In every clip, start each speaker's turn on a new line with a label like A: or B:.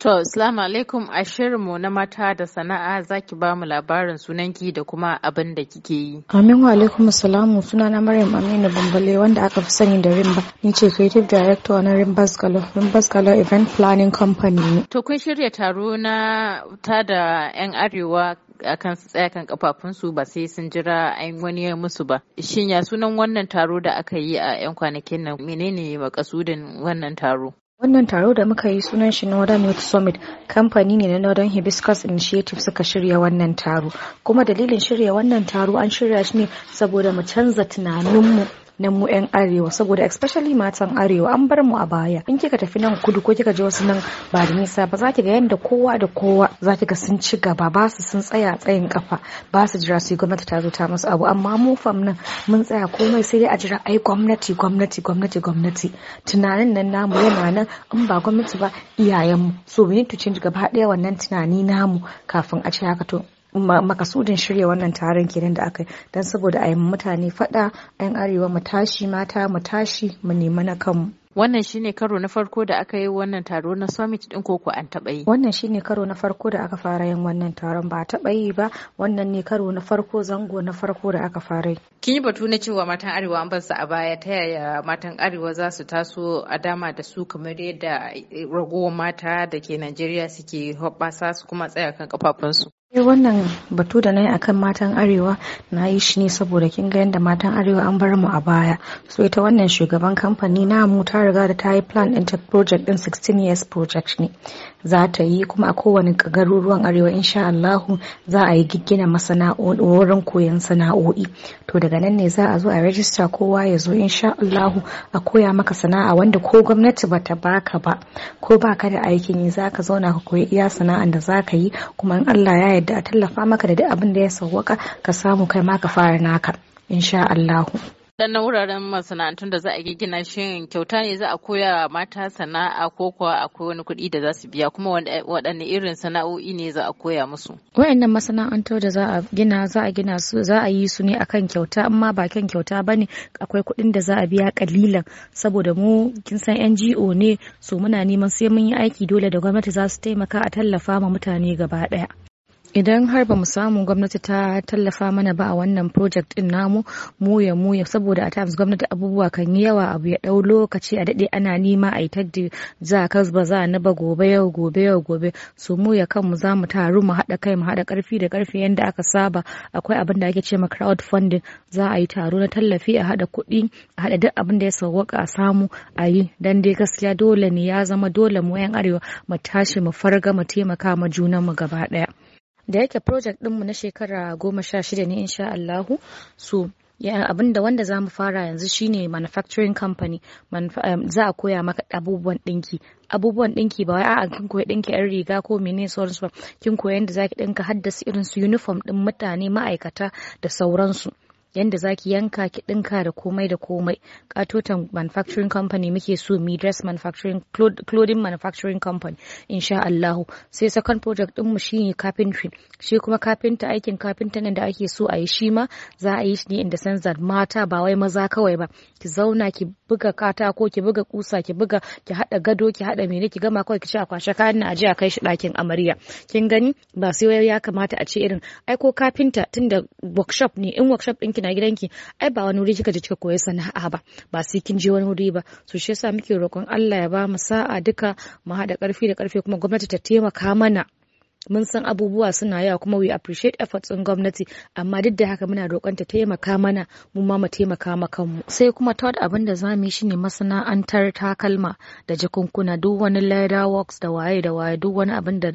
A: To, salamu alaikum a shirinmu na mata da sana'a zaki ba mu labarin sunanki da kuma abin da kike yi.
B: Amin wa alaikum salamu sunana Maryam Aminu Bambale wanda aka fi sani da Rimba. Ni ce creative director na Rimbas Galo, Rimbas Galo Event Planning Company.
A: To, kun shirya taro na ta da 'yan arewa akan su tsaya kafafunsu ba sai sun jira an wani ya musu ba. Shin ya sunan wannan taro da aka yi a 'yan kwanakin nan menene makasudin wannan taro?
B: Wannan taro da muka yi sunan shi Northern Youth Summit kamfani ne na Northern Hibiscus Initiative suka shirya wannan taro. Kuma dalilin shirya wannan taro an shirya shi ne saboda mu canza tunaninmu na mu 'yan arewa saboda especially matan arewa an bar mu a baya in kika tafi nan kudu ko kika je wasu nan ba da nisa ba za ki ga yadda kowa da kowa za ki ga sun ci gaba ba su sun tsaya tsayin kafa ba su jira su yi gwamnati ta zo ta musu abu amma mu fam nan mun tsaya komai sai dai a jira ai gwamnati gwamnati gwamnati gwamnati tunanin nan namu yana nan in ba gwamnati ba iyayenmu so we need to change gaba daya wannan tunani namu kafin a ce haka to makasudin shirya wannan taron kenan da aka don saboda a yi mutane fada 'yan arewa mu tashi mata mu tashi mu nemi na kanmu
A: Wannan shine karo na farko da aka yi wannan taro na summit din koko an taɓa yi.
B: Wannan shine karo na farko da aka fara yin wannan taron ba taba yi ba wannan ne karo na farko zango na farko da aka fara yi.
A: Kin yi batu na cewa matan Arewa an bar su a baya ta yaya matan Arewa za su taso a dama da su kamar yadda ragowar mata da ke Najeriya suke hoɓɓasa su kuma tsaya kan kafafunsu.
B: Eh, wannan batu da na yi akan matan arewa na yi shi ne saboda kin ga yadda matan arewa an bar mu a baya so ita wannan shugaban kamfani namu ta riga da ta yi plan in ta project ɗin 16 years project ne za ta yi kuma a kowane garuruwan arewa insha Allahu za a yi giggina masana'o'i wurin koyon sana'o'i to daga nan ne za a zo a rajista kowa ya zo insha Allahu a koya maka sana'a wanda ko gwamnati ba ta baka ba ko baka da aikin yi za ka zauna ka koyi iya sana'an da za ka yi kuma in Allah ya yadda a tallafa maka da duk abin da ya sauwaka ka samu kai ma ka fara naka insha Allahu.
A: wuraren masana'antun da za a gina shin kyauta ne za a koya mata sana'a ko kuwa akwai wani kuɗi da za su biya kuma waɗanne irin sana'o'i ne za a koya musu
B: wayannan masana'antu da za a gina za a gina su za a yi su ne akan kyauta amma ba kan kyauta bane akwai kuɗin da za a biya kalilan saboda mu kin san NGO ne su muna neman sai mun yi aiki dole da gwamnati za su taimaka a tallafa ma mutane gaba ɗaya idan har ba mu samu gwamnati ta tallafa mana ba a wannan project din namu mu ya mu ya saboda a times gwamnati abubuwa kan yi yawa abu ya dau lokaci a dade ana nima a ita da za ka ba za na ba gobe yau gobe yau gobe su mu ya kanmu za mu taru mu haɗa kai mu haɗa karfi da karfi yanda aka saba akwai abin da ake ce ma funding za a yi taro na tallafi a hada kuɗi a hada duk abin da ya sauwaka a samu a yi dan dai gaskiya dole ne ya zama dole mu yan arewa mu tashi mu farga mu taimaka ma junan mu gaba ɗaya. da yake project dinmu na shekara goma sha shida ne insha Allahu so abin da wanda za mu fara yanzu shine manufacturing company um, za a koya maka abubuwan dinki abubuwan dinki ba wai a'a kin koyi ɗinki yan riga ko mene sauransu ba kin koyi yadda zaki ɗinka haddasa irin su uniform din mutane ma'aikata da sauransu yanda zaki yanka ki dinka da komai da komai katotan manufacturing company muke so mi dress manufacturing clothing manufacturing company insha Allahu sai second project din mu shine carpentry shi kuma kafinta aikin kafinta nan da ake so a yi shi ma za a yi shi ne in the sense mata ba wai maza kawai ba ki zauna ki buga katako ki buga kusa ki buga ki hada gado ki hada mene ki gama kawai ki ci a kwashe kayan na aje a kai shi dakin amarya kin gani ba sai ya kamata a ce irin ai ko kafinta tunda workshop ne in workshop din ki na gidanki ai ba wani wuri kika je kika koyi sana'a ba ba sai kin je wani wuri ba so shi yasa muke roƙon Allah ya ba mu sa'a duka mu haɗa ƙarfi da ƙarfi kuma gwamnati ta taimaka mana mun san abubuwa suna yawa kuma we appreciate efforts in gwamnati amma duk da haka muna roƙon ta taimaka mana mu ma mu taimaka ma kanmu sai kuma third abin da zamu yi shine masana'antar takalma da jakunkuna duk wani leather works da waye da waye duk wani abin da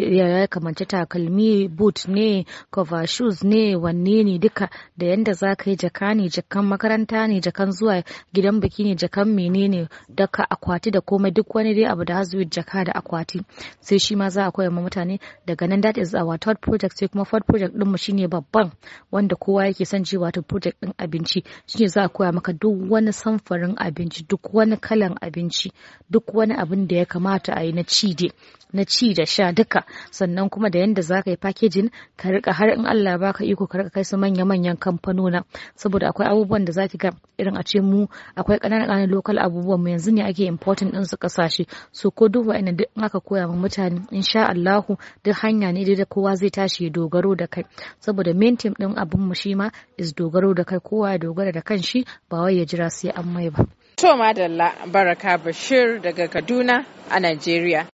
B: ya kamanci takalmi boot ne cover shoes ne wanne ne duka da yanda za ka yi jaka ne jakan makaranta ne jakan zuwa gidan biki ne jakan menene daka akwati da komai duk wani dai abu da hazuwi jaka da akwati sai shi ma za a koya ma mutane daga nan that is our third project sai kuma fourth project din mu shine babban wanda kowa yake son ji wato project din abinci shine za a koya maka duk wani samfarin abinci duk wani kalan abinci duk wani abin da ya kamata a yi na ci de na ci da sha duka sannan kuma da yanda za ka yi packaging ka rika har in Allah baka iko ka rika kai su manya manyan kamfanona saboda akwai abubuwan da za zaki ga irin a ce mu akwai kananan kananan local abubuwan mu yanzu ne ake important din su kasashe so ko duk wa'annan duk aka koya ma mutane insha Allah duk hanya ne da kowa zai tashi ya dogaro da kai saboda main team din abin mu shi ma is dogaro da kai kowa ya dogara da kan shi ba wai ya jira sai an mai ba
A: to madalla baraka bashir daga kaduna a najeriya